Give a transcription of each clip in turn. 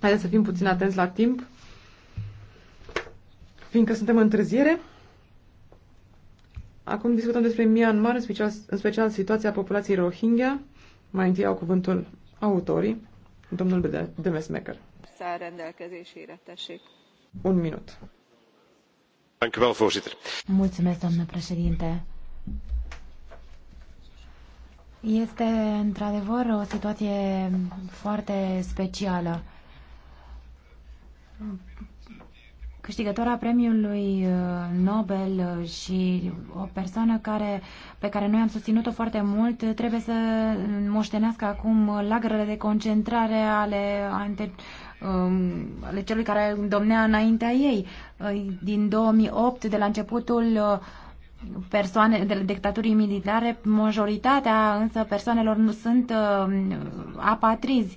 Haideți să fim puțin atenți la timp, fiindcă suntem în întârziere. Acum discutăm despre Myanmar, în special, în special situația populației Rohingya. Mai întâi au cuvântul autorii, domnul Demesmaker. Un minut. Mulțumesc, domnule președinte. Este într-adevăr o situație foarte specială câștigătoarea premiului uh, Nobel uh, și o persoană care, pe care noi am susținut-o foarte mult, uh, trebuie să moștenească acum lagărele de concentrare ale, ante, um, ale celui care domnea înaintea ei. Din 2008, de la începutul persoane de dictaturii militare, majoritatea însă persoanelor nu sunt apatrizi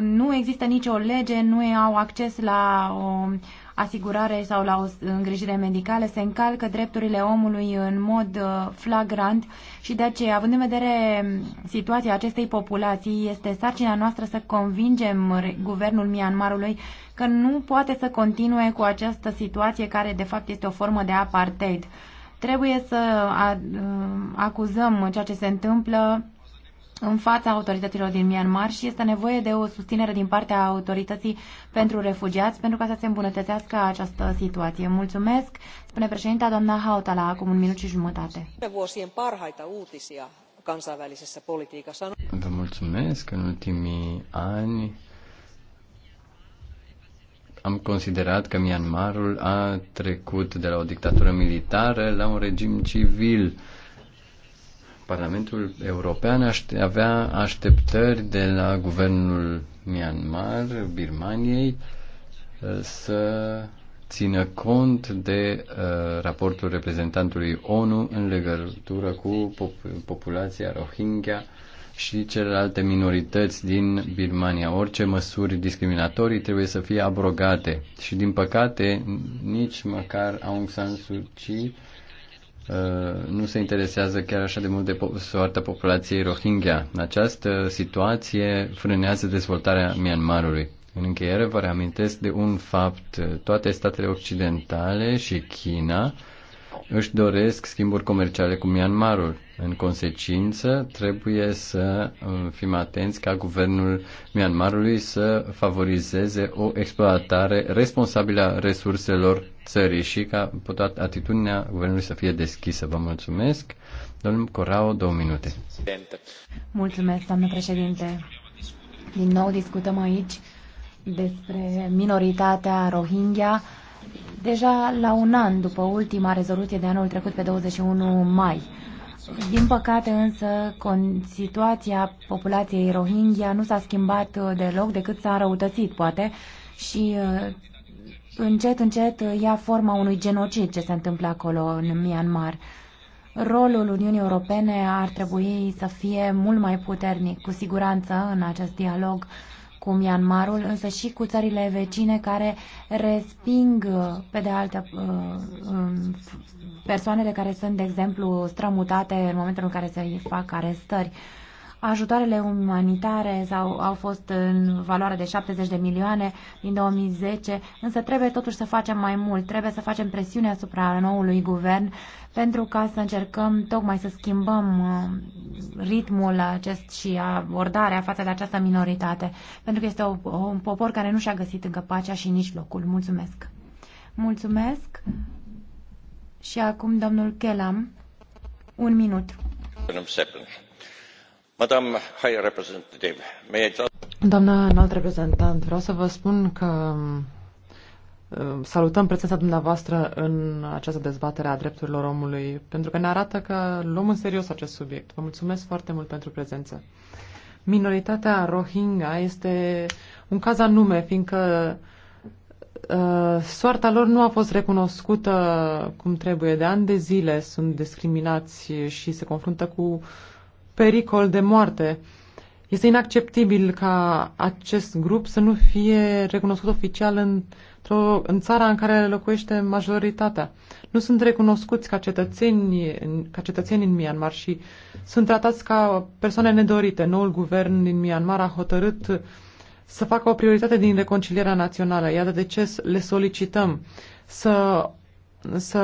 nu există nicio lege, nu au acces la o asigurare sau la o îngrijire medicală, se încalcă drepturile omului în mod uh, flagrant și de aceea, având în vedere situația acestei populații, este sarcina noastră să convingem guvernul Myanmarului că nu poate să continue cu această situație care de fapt este o formă de apartheid. Trebuie să uh, acuzăm ceea ce se întâmplă în fața autorităților din Myanmar și este nevoie de o susținere din partea autorității pentru refugiați pentru ca să se îmbunătățească această situație. Mulțumesc, spune președinta doamna Hautala, acum un minut și jumătate. Vă mulțumesc. În ultimii ani am considerat că Myanmarul a trecut de la o dictatură militară la un regim civil Parlamentul European aște- avea așteptări de la guvernul Myanmar, Birmaniei, uh, să țină cont de uh, raportul reprezentantului ONU în legătură cu pop- populația Rohingya și celelalte minorități din Birmania. Orice măsuri discriminatorii trebuie să fie abrogate și, din păcate, nici măcar Aung San Suu Kyi Uh, nu se interesează chiar așa de mult de soarta populației Rohingya. Această situație frânează dezvoltarea Myanmarului. În încheiere vă reamintesc de un fapt. Toate statele occidentale și China își doresc schimburi comerciale cu Myanmarul. În consecință, trebuie să uh, fim atenți ca guvernul Myanmarului să favorizeze o exploatare responsabilă a resurselor țării și ca toată atitudinea guvernului să fie deschisă. Vă mulțumesc. Domnul Corao, două minute. Mulțumesc, doamnă președinte. Din nou discutăm aici despre minoritatea Rohingya deja la un an după ultima rezoluție de anul trecut pe 21 mai. Din păcate însă, situația populației Rohingya nu s-a schimbat uh, deloc, decât s-a răutățit, poate, și uh, încet, încet uh, ia forma unui genocid ce se întâmplă acolo în Myanmar. Rolul Uniunii Europene ar trebui să fie mult mai puternic, cu siguranță, în acest dialog cu Myanmarul, însă și cu țările vecine care resping uh, pe de altă uh, um, persoanele care sunt, de exemplu, strămutate în momentul în care se fac arestări. Ajutoarele umanitare sau au fost în valoare de 70 de milioane din 2010, însă trebuie totuși să facem mai mult, trebuie să facem presiune asupra noului guvern pentru ca să încercăm tocmai să schimbăm uh, ritmul acest și abordarea față de această minoritate, pentru că este o, o, un popor care nu și-a găsit încă pacea și nici locul. Mulțumesc! Mulțumesc! Și acum domnul Kelam, un minut. Doamnă înalt reprezentant, vreau să vă spun că um, um, salutăm prezența dumneavoastră în această dezbatere a drepturilor omului, pentru că ne arată că luăm în serios acest subiect. Vă mulțumesc foarte mult pentru prezență. Minoritatea Rohingya este un caz anume, fiindcă uh, soarta lor nu a fost recunoscută cum trebuie. De ani de zile sunt discriminați și se confruntă cu uh, pericol de moarte. Este inacceptabil ca acest grup să nu fie recunoscut oficial în, în țara în care locuiește majoritatea. Nu sunt recunoscuți ca cetățeni, ca cetățeni în Myanmar și sunt tratați ca persoane nedorite. Noul guvern din Myanmar a hotărât să facă o prioritate din reconcilierea națională. Iată de ce le solicităm să, să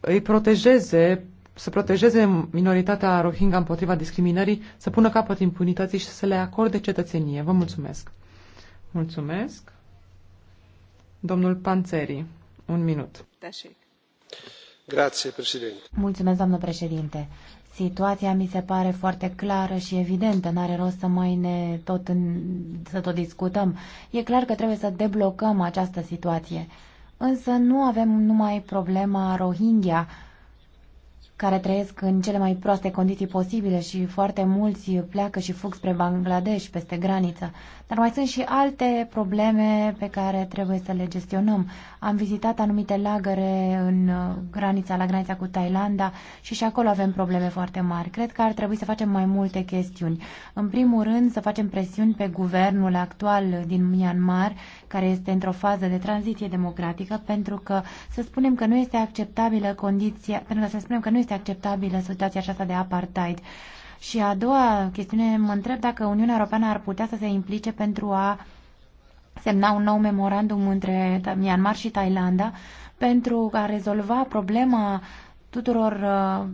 îi protejeze să protejeze minoritatea Rohingya împotriva discriminării, să pună capăt impunității și să le acorde cetățenie. Vă mulțumesc. Mulțumesc. Domnul Panțeri, un minut. Grazie, președinte. Mulțumesc, doamnă președinte. Situația mi se pare foarte clară și evidentă, n-are rost să mai ne tot în, să tot discutăm. E clar că trebuie să deblocăm această situație. Însă nu avem numai problema Rohingya, care trăiesc în cele mai proaste condiții posibile și foarte mulți pleacă și fug spre Bangladesh, peste graniță. Dar mai sunt și alte probleme pe care trebuie să le gestionăm. Am vizitat anumite lagăre în uh, granița, la granița cu Thailanda și și acolo avem probleme foarte mari. Cred că ar trebui să facem mai multe chestiuni. În primul rând, să facem presiuni pe guvernul actual din Myanmar, care este într-o fază de tranziție democratică, pentru că să spunem că nu este acceptabilă condiția, pentru că să spunem că nu este este acceptabilă situația aceasta de apartheid. Și a doua chestiune, mă întreb dacă Uniunea Europeană ar putea să se implice pentru a semna un nou memorandum între Myanmar și Thailanda pentru a rezolva problema tuturor uh,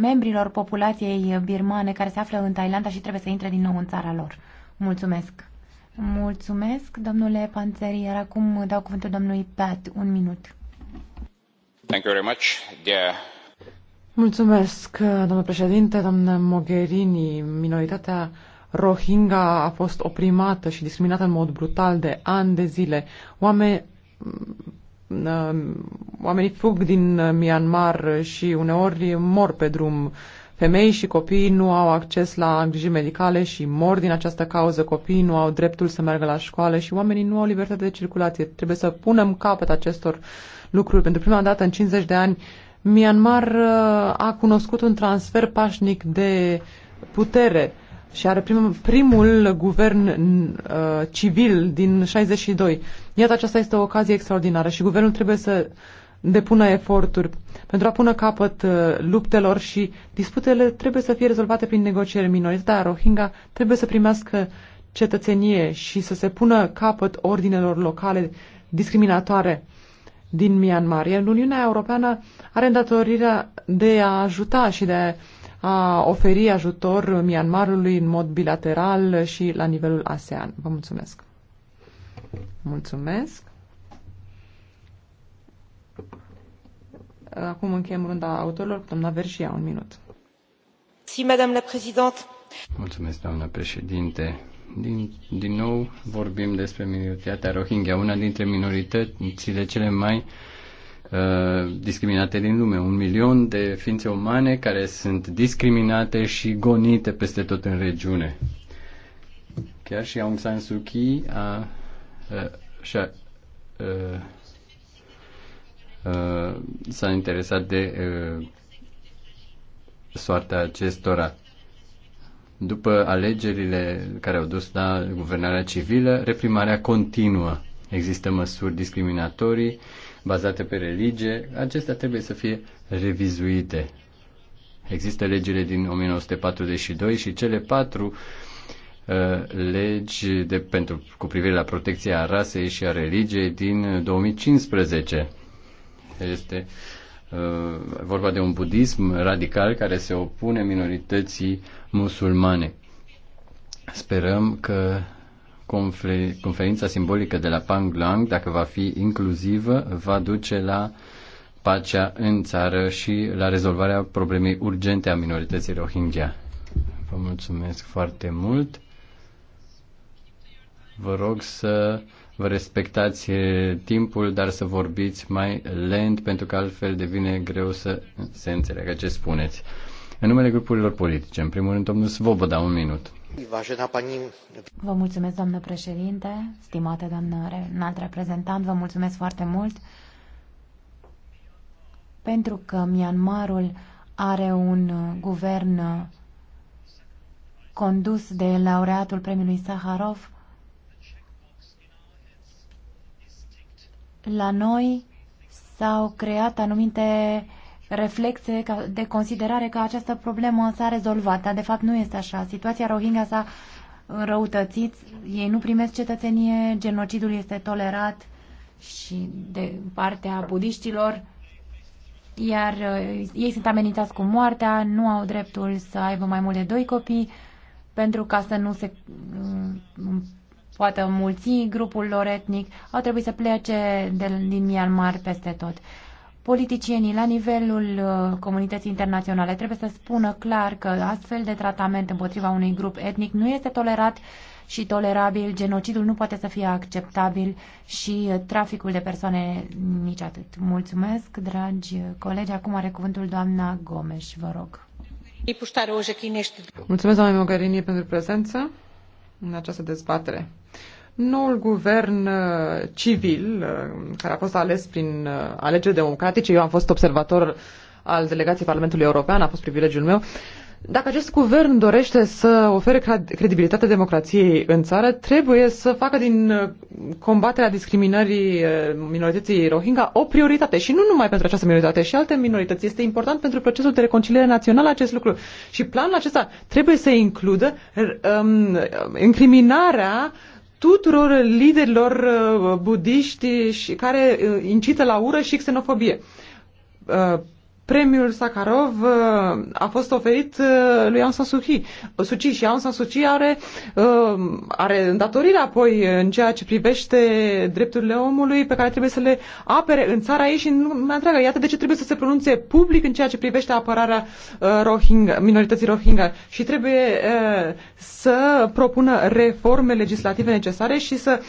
membrilor populației birmane care se află în Thailanda și trebuie să intre din nou în țara lor. Mulțumesc! Mulțumesc, domnule Panțeri, iar acum dau cuvântul domnului Pat, un minut. Thank you very much, dear Mulțumesc, domnule președinte, domnule Mogherini. Minoritatea Rohingya a fost oprimată și discriminată în mod brutal de ani de zile. Oameni, oamenii fug din Myanmar și uneori mor pe drum. Femei și copii nu au acces la îngrijiri medicale și mor din această cauză. Copiii nu au dreptul să meargă la școală și oamenii nu au libertate de circulație. Trebuie să punem capăt acestor lucruri. Pentru prima dată în 50 de ani Myanmar uh, a cunoscut un transfer pașnic de putere și are prim, primul guvern uh, civil din 62. Iată, aceasta este o ocazie extraordinară și guvernul trebuie să depună eforturi pentru a pune capăt uh, luptelor și disputele trebuie să fie rezolvate prin negocieri. Minoritatea Rohingya trebuie să primească cetățenie și să se pună capăt ordinelor locale discriminatoare din Myanmar, iar Uniunea Europeană are îndatorirea de a ajuta și de a oferi ajutor Myanmarului în mod bilateral și la nivelul ASEAN. Vă mulțumesc! Mulțumesc! Acum încheiem runda autorilor cu doamna Verșia, un minut. Mulțumesc, doamna președinte. Din, din nou vorbim despre minoritatea Rohingya, una dintre minoritățile cele mai uh, discriminate din lume. Un milion de ființe umane care sunt discriminate și gonite peste tot în regiune. Chiar și Aung San Suu Kyi a, uh, a uh, uh, s-a interesat de uh, soarta acestora după alegerile care au dus la guvernarea civilă, reprimarea continuă. Există măsuri discriminatorii bazate pe religie. Acestea trebuie să fie revizuite. Există legile din 1942 și cele patru uh, legi de, pentru, cu privire la protecția rasei și a religiei din 2015. Este Uh, vorba de un budism radical care se opune minorității musulmane. Sperăm că conferința simbolică de la Panglang, dacă va fi inclusivă, va duce la pacea în țară și la rezolvarea problemei urgente a minorității Rohingya. Vă mulțumesc foarte mult. Vă rog să vă respectați eh, timpul, dar să vorbiți mai lent, pentru că altfel devine greu să se înțeleagă ce spuneți. În numele grupurilor politice, în primul rând, domnul Svoboda, un minut. Vă mulțumesc, doamnă președinte, stimată doamnă înalt reprezentant, vă mulțumesc foarte mult pentru că Myanmarul are un uh, guvern uh, condus de laureatul premiului Saharov, la noi s-au creat anumite reflexe de considerare că această problemă s-a rezolvat, dar de fapt nu este așa. Situația Rohingya s-a înrăutățit, ei nu primesc cetățenie, genocidul este tolerat și de partea budiștilor, iar uh, ei sunt amenințați cu moartea, nu au dreptul să aibă mai mult de doi copii pentru ca să nu se uh, poate mulți grupul lor etnic, au trebuit să plece de, din Myanmar peste tot. Politicienii la nivelul uh, comunității internaționale trebuie să spună clar că astfel de tratament împotriva unui grup etnic nu este tolerat și tolerabil, genocidul nu poate să fie acceptabil și uh, traficul de persoane nici atât. Mulțumesc, dragi colegi. Acum are cuvântul doamna Gomes, vă rog. Mulțumesc, doamne Mogherini, pentru prezență în această dezbatere. Noul guvern uh, civil, uh, care a fost ales prin uh, alegeri democratice, eu am fost observator al delegației Parlamentului European, a fost privilegiul meu, dacă acest guvern dorește să ofere credibilitate democrației în țară, trebuie să facă din combaterea discriminării minorității Rohingya o prioritate. Și nu numai pentru această minoritate, și alte minorități. Este important pentru procesul de reconciliere națională acest lucru. Și planul acesta trebuie să includă um, incriminarea uh, tuturor liderilor uh, budiști și care uh, incită la ură și xenofobie uh, Premiul Sakharov uh, a fost oferit uh, lui Aung San Suu Kyi. Suu Kyi și Aung San Suu Kyi are, uh, are îndatoriri apoi în ceea ce privește drepturile omului pe care trebuie să le apere în țara ei și în lumea întreagă. Iată de ce trebuie să se pronunțe public în ceea ce privește apărarea Rohingya, minorității Rohingya și trebuie să propună reforme legislative necesare și să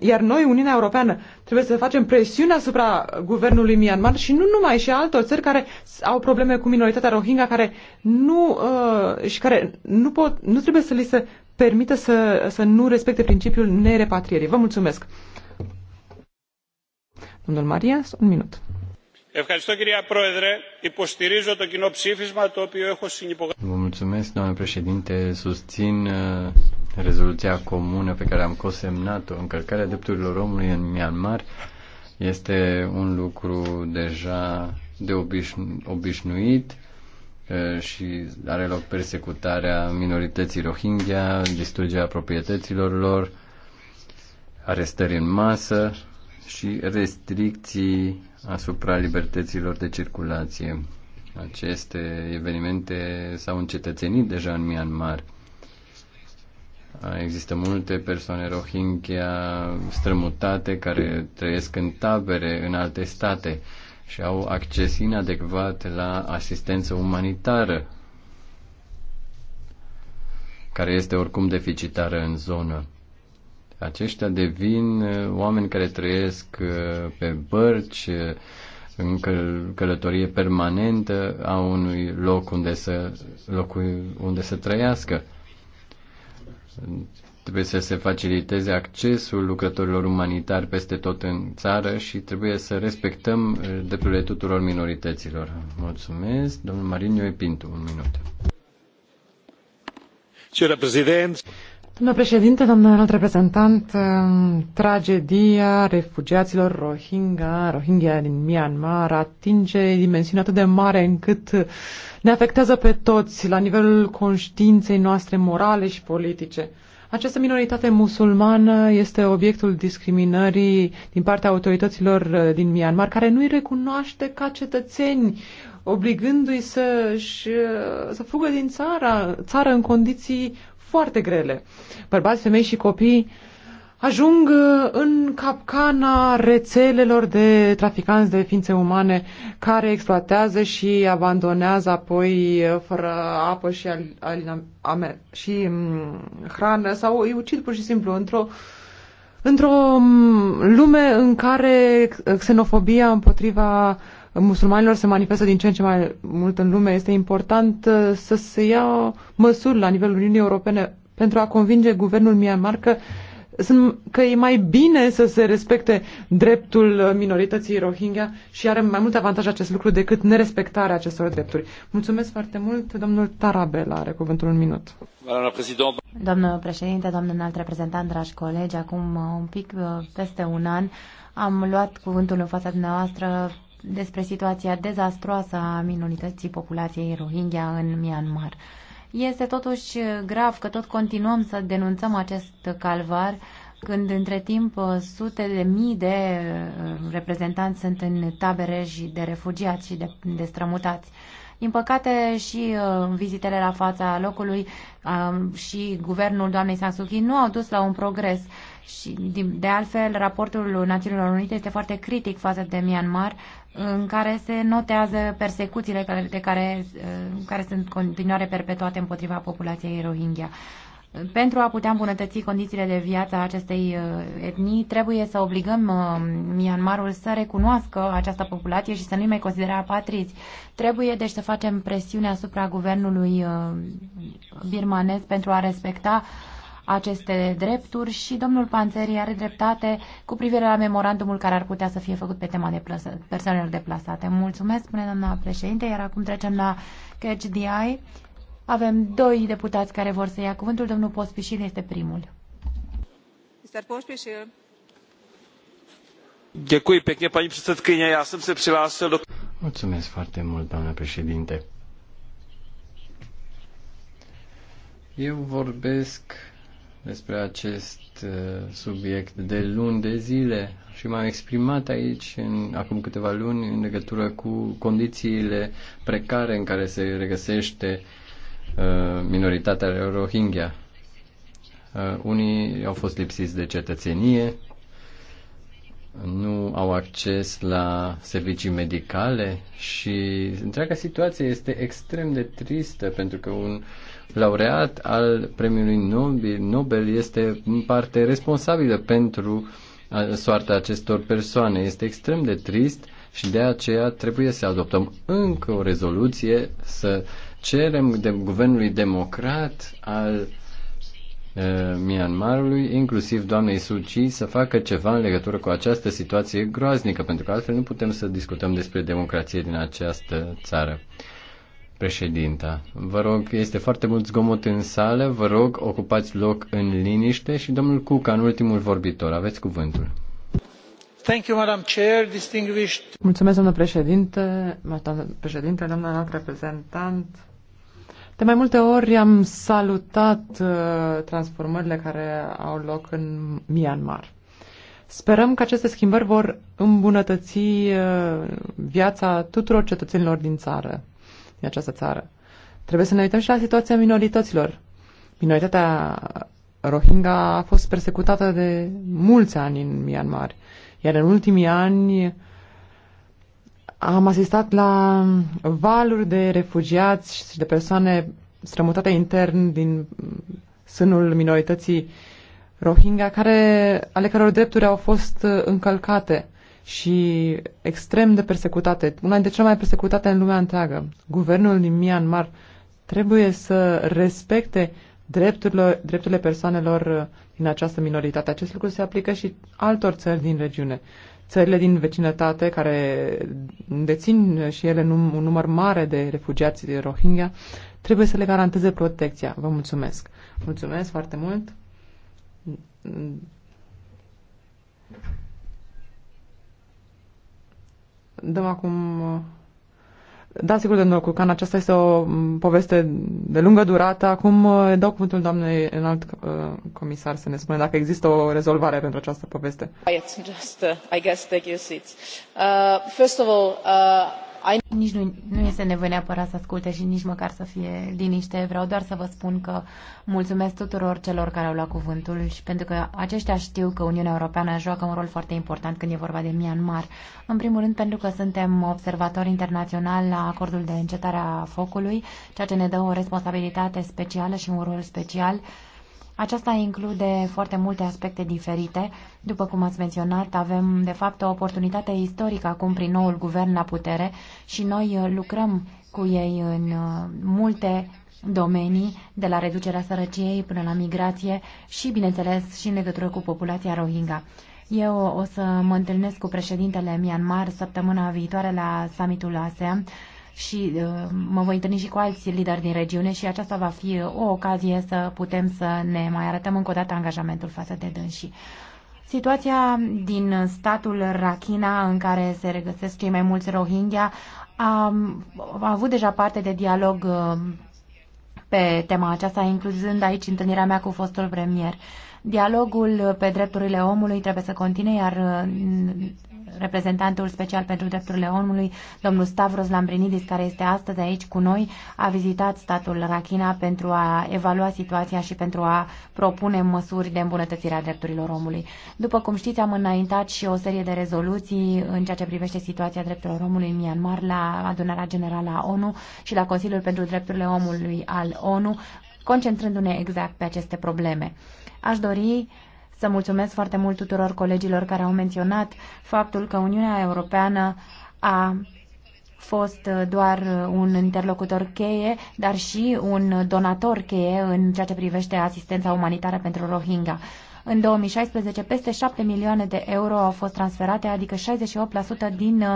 iar noi, Uniunea Europeană, Trebuie să facem presiune asupra guvernului Myanmar și nu numai și altor țări care au probleme cu minoritatea Rohingya care nu uh, și care nu pot nu trebuie să li se permită să, să nu respecte principiul nerepatrierii. Vă mulțumesc. Domnul Marias, un minut. Ευχαριστώ κυρία Πρόεδρε. Υποστηρίζω το κοινό ψήφισμα το οποίο έχω συνυπογράψει. Vă mulțumesc, doamnă președinte. Susțin uh, rezoluția comună pe care am cosemnat-o, încălcarea drepturilor omului în Myanmar, este un lucru deja de obișnu- obișnuit și are loc persecutarea minorității Rohingya, distrugerea proprietăților lor, arestări în masă și restricții asupra libertăților de circulație. Aceste evenimente s-au încetățenit deja în Myanmar. Există multe persoane rohingya strămutate care trăiesc în tabere în alte state și au acces inadecvat la asistență umanitară, care este oricum deficitară în zonă. Aceștia devin uh, oameni care trăiesc uh, pe bărci, uh, în călătorie permanentă, a unui loc unde să, locui, unde să trăiască. Trebuie să se faciliteze accesul lucrătorilor umanitari peste tot în țară și trebuie să respectăm eh, drepturile tuturor minorităților. Mulțumesc. Domnul Marin Pintu, un minut. Senhora Presidente, Domnule președinte, domnule înalt reprezentant, um, tragedia refugiaților Rohingya, Rohingya din Myanmar, atinge dimensiunea atât de mare încât ne afectează pe toți la nivelul conștiinței noastre morale și politice. Această minoritate musulmană este obiectul discriminării din partea autorităților din Myanmar, care nu îi recunoaște ca cetățeni, obligându-i să, să fugă din țara, țară în condiții foarte grele. Bărbați, femei și copii ajung uh, în capcana rețelelor de traficanți de ființe umane care exploatează și abandonează apoi uh, fără apă și, al, amer, și mm, hrană sau îi ucid pur și simplu într-o într-o mm, lume în care xenofobia împotriva uh, musulmanilor se manifestă din ce în ce mai mult în lume, este important uh, să se ia măsuri la nivelul Uniunii Europene pentru a convinge guvernul Myanmar că sunt, că e mai bine să se respecte dreptul minorității Rohingya și are mai mult avantaj acest lucru decât nerespectarea acestor drepturi. Mulțumesc foarte mult. Domnul Tarabela are cuvântul un minut. Doamnă președinte, doamnă înalt reprezentant, dragi colegi, acum un pic uh, peste un an am luat cuvântul în fața dumneavoastră despre situația dezastroasă a minorității populației Rohingya în Myanmar. Este totuși grav că tot continuăm să denunțăm acest calvar când între timp uh, sute de mii de uh, reprezentanți sunt în tabere și de refugiați și de, de strămutați. Din păcate și uh, vizitele la fața locului uh, și guvernul doamnei Sansuki nu au dus la un progres. Și, de altfel, raportul Națiunilor Unite este foarte critic față de Myanmar, în care se notează persecuțiile care, de care, uh, care sunt continuare perpetuate împotriva populației Rohingya. Uh, pentru a putea îmbunătăți condițiile de viață a acestei uh, etnii, trebuie să obligăm uh, Myanmarul să recunoască această populație și să nu-i mai considere apatrizi. Trebuie deci să facem presiune asupra guvernului uh, birmanez pentru a respecta aceste drepturi și domnul Panțeri are dreptate cu privire la memorandumul care ar putea să fie făcut pe tema de persoanelor deplasate. Mulțumesc, spune doamna președinte, iar acum trecem la Catch the Eye. Avem doi deputați care vor să ia cuvântul. Domnul Pospișil este primul. Mr. Pospișil. Děkuji pěkně, paní předsedkyně. Já jsem se přihlásil do... Mulțumesc foarte mult, doamna președinte. Eu vorbesc despre acest uh, subiect de luni de zile și m-am exprimat aici în, acum câteva luni în legătură cu condițiile precare în care se regăsește Uh, minoritatea Rohingya. Uh, unii au fost lipsiți de cetățenie, nu au acces la servicii medicale și întreaga situație este extrem de tristă pentru că un laureat al premiului Nobel, este în parte responsabilă pentru soarta acestor persoane. Este extrem de trist și de aceea trebuie să adoptăm încă o rezoluție să uh, cerem de guvernului democrat al Myanmarului, inclusiv doamnei Suu Kyi, să facă ceva în legătură cu această situație groaznică, pentru că altfel nu putem să discutăm despre democrație din această țară. Președinta, vă rog, este foarte mult zgomot în sală, vă rog, ocupați loc în liniște și domnul Cuca, în ultimul vorbitor, aveți cuvântul. Thank you, Madam Chair, distinguished... Mulțumesc, domnule președinte, președinte, doamnă reprezentant, de mai multe ori am salutat uh, transformările care au loc în Myanmar. Sperăm că aceste schimbări vor îmbunătăți uh, viața tuturor cetățenilor din țară, din această țară. Trebuie să ne uităm și la situația minorităților. Minoritatea Rohingya a fost persecutată de mulți ani în Myanmar, iar în ultimii ani am asistat la valuri de refugiați și de persoane strămutate intern din sânul minorității Rohingya, care, ale căror drepturi au fost încălcate și extrem de persecutate, una dintre cele mai persecutate în lumea întreagă. Guvernul din Myanmar trebuie să respecte drepturile, drepturile persoanelor din această minoritate. Acest lucru se aplică și altor țări din regiune țările din vecinătate care dețin și ele un număr mare de refugiați de Rohingya, trebuie să le garanteze protecția. Vă mulțumesc. Mulțumesc foarte mult. Dăm acum da, sigur de nocul, că aceasta este o poveste de lungă durată. Acum uh, dau cuvântul doamnei înalt uh, comisar să ne spună dacă există o rezolvare pentru această poveste. Just, uh, I guess, take your seats. Uh, first of all, uh, nici nu, nu este nevoie neapărat să asculte și nici măcar să fie liniște. Vreau doar să vă spun că mulțumesc tuturor celor care au luat cuvântul și pentru că aceștia știu că Uniunea Europeană joacă un rol foarte important când e vorba de Myanmar. În primul rând pentru că suntem observatori internaționali la acordul de încetare a focului, ceea ce ne dă o responsabilitate specială și un rol special aceasta include foarte multe aspecte diferite. După cum ați menționat, avem de fapt o oportunitate istorică acum prin noul guvern la putere și noi uh, lucrăm cu ei în uh, multe domenii, de la reducerea sărăciei până la migrație și, bineînțeles, și în legătură cu populația Rohingya. Eu o să mă întâlnesc cu președintele Myanmar săptămâna viitoare la summitul ASEAN și uh, mă voi întâlni și cu alți lideri din regiune și aceasta va fi uh, o ocazie să putem să ne mai arătăm încă o dată angajamentul față de dânsii. Situația din statul Rakhina, în care se regăsesc cei mai mulți Rohingya, a, a avut deja parte de dialog uh, pe tema aceasta, incluzând aici întâlnirea mea cu fostul premier. Dialogul pe drepturile omului trebuie să continue, iar reprezentantul special pentru drepturile omului, domnul Stavros Lambrinidis, care este astăzi aici cu noi, a vizitat statul Rakhina pentru a evalua situația și pentru a propune măsuri de îmbunătățire a drepturilor omului. După cum știți, am înaintat și o serie de rezoluții în ceea ce privește situația drepturilor omului în Myanmar la adunarea generală a ONU și la Consiliul pentru Drepturile Omului al ONU, concentrându-ne exact pe aceste probleme. Aș dori să mulțumesc foarte mult tuturor colegilor care au menționat faptul că Uniunea Europeană a fost doar un interlocutor cheie, dar și un donator cheie în ceea ce privește asistența umanitară pentru Rohingya. În 2016, peste 7 milioane de euro au fost transferate, adică 68% din uh,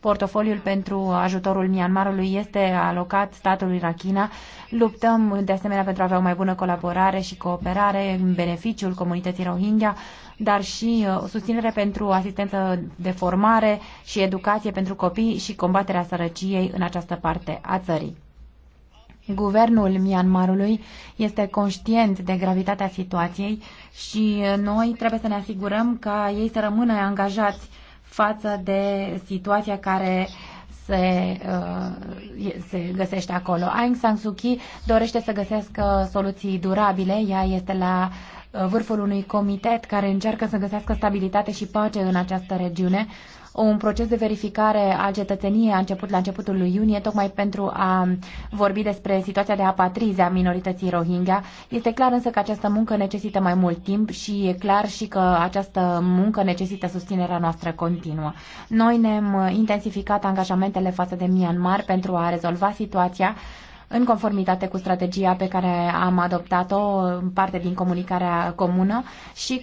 portofoliul pentru ajutorul Myanmarului este alocat statului Rakhina. Luptăm, de asemenea, pentru a avea o mai bună colaborare și cooperare în beneficiul comunității Rohingya, dar și uh, susținere pentru asistență de formare și educație pentru copii și combaterea sărăciei în această parte a țării. Guvernul Myanmarului este conștient de gravitatea situației și noi trebuie să ne asigurăm ca ei să rămână angajați față de situația care se, uh, se găsește acolo. Aung San Suu Kyi dorește să găsească soluții durabile. Ea este la uh, vârful unui comitet care încearcă să găsească stabilitate și pace în această regiune un proces de verificare a cetățeniei a început la începutul lui iunie, tocmai pentru a vorbi despre situația de apatrize a minorității Rohingya. Este clar însă că această muncă necesită mai mult timp și e clar și că această muncă necesită susținerea noastră continuă. Noi ne-am intensificat angajamentele față de Myanmar pentru a rezolva situația în conformitate cu strategia pe care am adoptat-o în parte din comunicarea comună și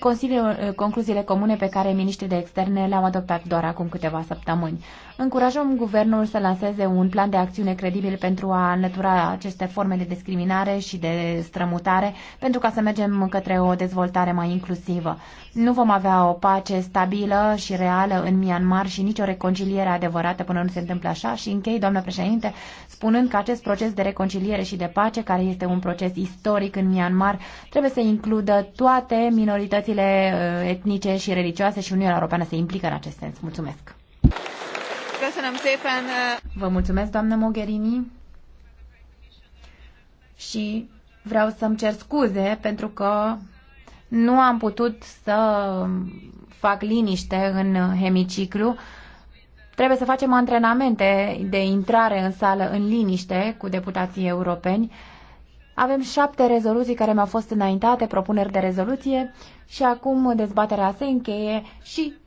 concluziile comune pe care miniștrii de externe le-au adoptat doar acum câteva săptămâni încurajăm guvernul să lanseze un plan de acțiune credibil pentru a înlătura aceste forme de discriminare și de strămutare, pentru ca să mergem către o dezvoltare mai inclusivă. Nu vom avea o pace stabilă și reală în Myanmar și nicio reconciliere adevărată până nu se întâmplă așa și închei, doamnă președinte, spunând că acest proces de reconciliere și de pace, care este un proces istoric în Myanmar, trebuie să includă toate minoritățile uh, etnice și religioase și Uniunea Europeană se implică în acest sens. Mulțumesc! Vă mulțumesc, doamnă Mogherini. Și vreau să-mi cer scuze pentru că nu am putut să fac liniște în hemiciclu. Trebuie să facem antrenamente de intrare în sală în liniște cu deputații europeni. Avem șapte rezoluții care mi-au fost înaintate, propuneri de rezoluție și acum dezbaterea se încheie și